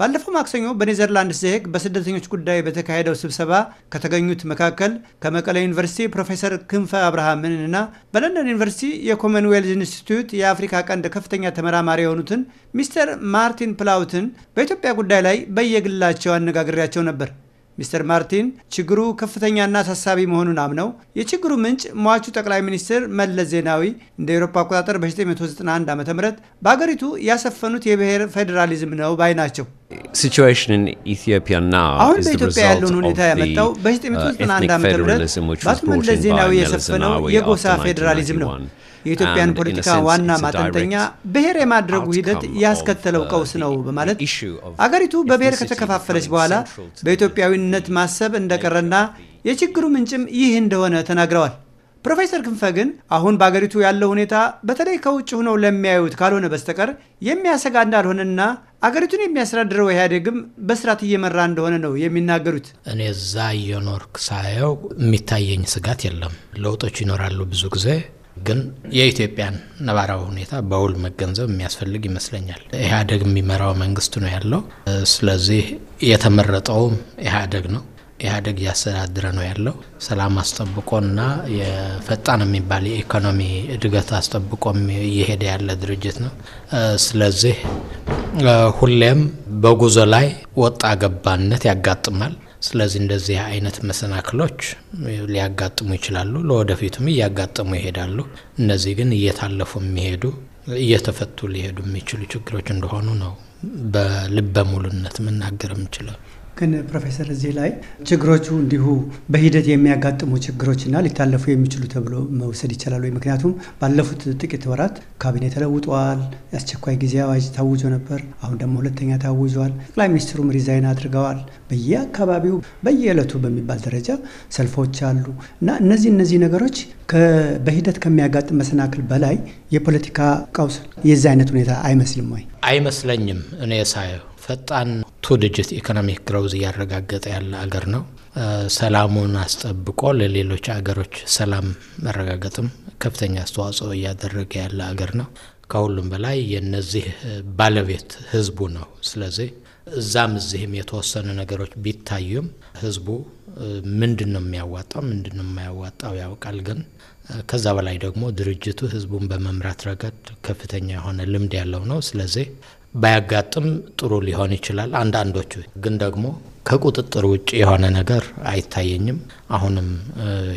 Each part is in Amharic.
ባለፈው ማክሰኞ በኔዘርላንድስ ዘሄግ በስደተኞች ጉዳይ በተካሄደው ስብሰባ ከተገኙት መካከል ከመቀለ ዩኒቨርሲቲ ፕሮፌሰር ክንፈ እና በለንደን ዩኒቨርሲቲ የኮመንዌልዝ ኢንስቲትዩት የአፍሪካ ቀንድ ከፍተኛ ተመራማሪ የሆኑትን ሚስተር ማርቲን ፕላውትን በኢትዮጵያ ጉዳይ ላይ በየግላቸው አነጋግሬያቸው ነበር። ሚስተር ማርቲን ችግሩ ከፍተኛና አሳሳቢ መሆኑን አምነው የችግሩ ምንጭ ሟቹ ጠቅላይ ሚኒስትር መለስ ዜናዊ እንደ ኤሮፓ አቆጣጠር በ1991 ዓ ም በአገሪቱ ያሰፈኑት የብሔር ፌዴራሊዝም ነው ባይ ናቸው። አሁን በኢትዮጵያ ያለውን ሁኔታ ያመጣው በ1991 ዓ ም በአቶ መለስ ዜናዊ የሰፈነው የጎሳ ፌዴራሊዝም ነው። የኢትዮጵያን ፖለቲካ ዋና ማጠንጠኛ ብሔር የማድረጉ ሂደት ያስከተለው ቀውስ ነው በማለት አገሪቱ በብሔር ከተከፋፈለች በኋላ በኢትዮጵያዊነት ማሰብ እንደቀረና የችግሩ ምንጭም ይህ እንደሆነ ተናግረዋል። ፕሮፌሰር ክንፈ ግን አሁን በአገሪቱ ያለው ሁኔታ በተለይ ከውጭ ሆነው ለሚያዩት ካልሆነ በስተቀር የሚያሰጋ እንዳልሆነና አገሪቱን የሚያስተዳድረው ኢህአዴግም በስርዓት እየመራ እንደሆነ ነው የሚናገሩት። እኔ እዛ እየኖርክ ሳየው የሚታየኝ ስጋት የለም። ለውጦች ይኖራሉ ብዙ ጊዜ ግን የኢትዮጵያን ነባራዊ ሁኔታ በውል መገንዘብ የሚያስፈልግ ይመስለኛል። ኢህአደግ የሚመራው መንግስት ነው ያለው። ስለዚህ የተመረጠውም ኢህአደግ ነው። ኢህአደግ እያስተዳደረ ነው ያለው። ሰላም አስጠብቆ እና የፈጣን የሚባል የኢኮኖሚ እድገት አስጠብቆ እየሄደ ያለ ድርጅት ነው። ስለዚህ ሁሌም በጉዞ ላይ ወጣ ገባነት ያጋጥማል። ስለዚህ እንደዚህ አይነት መሰናክሎች ሊያጋጥሙ ይችላሉ፣ ለወደፊቱም እያጋጠሙ ይሄዳሉ። እነዚህ ግን እየታለፉ የሚሄዱ እየተፈቱ ሊሄዱ የሚችሉ ችግሮች እንደሆኑ ነው በልበ ሙሉነት መናገር የምችለው። ግን ፕሮፌሰር እዚህ ላይ ችግሮቹ እንዲሁ በሂደት የሚያጋጥሙ ችግሮችና ሊታለፉ የሚችሉ ተብሎ መውሰድ ይቻላል ወይ? ምክንያቱም ባለፉት ጥቂት ወራት ካቢኔ ተለውጠዋል። የአስቸኳይ ጊዜ አዋጅ ታውጆ ነበር። አሁን ደግሞ ሁለተኛ ታውጇል። ጠቅላይ ሚኒስትሩም ሪዛይን አድርገዋል። በየአካባቢው በየዕለቱ በሚባል ደረጃ ሰልፎች አሉ እና እነዚህ እነዚህ ነገሮች በሂደት ከሚያጋጥም መሰናክል በላይ የፖለቲካ ቀውስ የዚህ አይነት ሁኔታ አይመስልም ወይ? አይመስለኝም እኔ ሳየው ፈጣን ቱ ኢኮኖሚክ ግሮውዝ እያረጋገጠ ያለ አገር ነው። ሰላሙን አስጠብቆ ለሌሎች አገሮች ሰላም መረጋገጥም ከፍተኛ አስተዋጽኦ እያደረገ ያለ አገር ነው። ከሁሉም በላይ የነዚህ ባለቤት ህዝቡ ነው። ስለዚህ እዛም እዚህም የተወሰኑ ነገሮች ቢታዩም ህዝቡ ምንድን ነው የሚያዋጣው፣ ምንድን ነው የማያዋጣው ያውቃል። ግን ከዛ በላይ ደግሞ ድርጅቱ ህዝቡን በመምራት ረገድ ከፍተኛ የሆነ ልምድ ያለው ነው። ስለዚህ ባያጋጥም ጥሩ ሊሆን ይችላል። አንዳንዶቹ ግን ደግሞ ከቁጥጥር ውጭ የሆነ ነገር አይታየኝም። አሁንም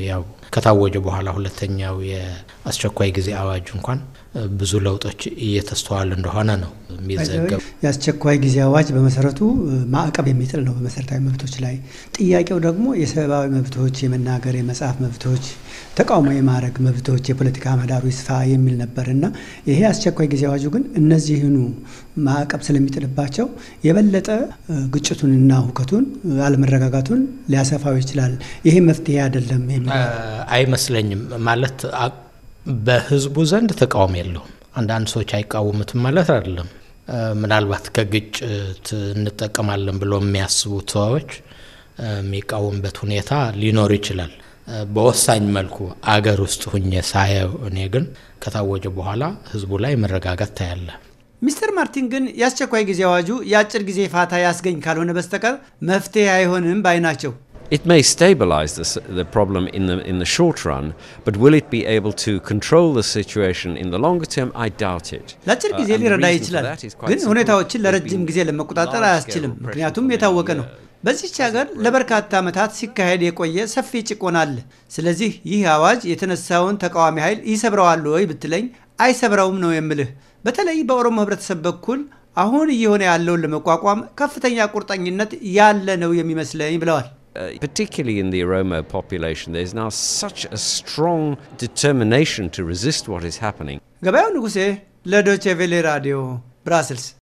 ያው ከታወጀ በኋላ ሁለተኛው የአስቸኳይ ጊዜ አዋጅ እንኳን ብዙ ለውጦች እየተስተዋል እንደሆነ ነው የሚዘገብ። የአስቸኳይ ጊዜ አዋጅ በመሰረቱ ማዕቀብ የሚጥል ነው በመሰረታዊ መብቶች ላይ። ጥያቄው ደግሞ የሰብአዊ መብቶች፣ የመናገር የመጻፍ መብቶች፣ ተቃውሞ የማድረግ መብቶች፣ የፖለቲካ ምህዳሩ ይስፋ የሚል ነበር እና ይሄ አስቸኳይ ጊዜ አዋጁ ግን እነዚህኑ ማዕቀብ ስለሚጥልባቸው የበለጠ ግጭቱንና ሁከቱን አለመረጋጋቱን ሊያሰፋው ይችላል። ይሄ መፍትሄ አይደለም። አይመስለኝም። ማለት በህዝቡ ዘንድ ተቃውሞ የለውም። አንዳንድ ሰዎች አይቃወሙትም ማለት አይደለም። ምናልባት ከግጭት እንጠቀማለን ብሎ የሚያስቡት ሰዎች የሚቃወምበት ሁኔታ ሊኖር ይችላል። በወሳኝ መልኩ አገር ውስጥ ሁኜ ሳየው እኔ ግን ከታወጀ በኋላ ህዝቡ ላይ መረጋጋት ታያለ። ሚስተር ማርቲን ግን የአስቸኳይ ጊዜ አዋጁ የአጭር ጊዜ ፋታ ያስገኝ ካልሆነ በስተቀር መፍትሄ አይሆንም ባይ ናቸው። It may stabilize the, the problem in the, in the short run, but will it be able to control the situation in the longer term? I doubt it. ለአጭር ጊዜ uh, ሊረዳ ይችላል፣ ግን ሁኔታዎችን ለረጅም ጊዜ ለመቆጣጠር አያስችልም። ምክንያቱም የታወቀ ነው። uh, በዚች ሀገር ለበርካታ ዓመታት ሲካሄድ የቆየ ሰፊ ጭቆና አለ። ስለዚህ ይህ አዋጅ የተነሳውን ተቃዋሚ ኃይል ይሰብረዋል ወይ ብትለኝ አይሰብረውም ነው የምልህ። በተለይ በኦሮሞ ህብረተሰብ በኩል አሁን እየሆነ ያለውን ለመቋቋም ከፍተኛ ቁርጠኝነት ያለ ነው የሚመስለኝ ብለዋል። uh, particularly in the Oromo population, there's now such a strong determination to resist what is happening. Nuguse, Ledo Radio, Brussels.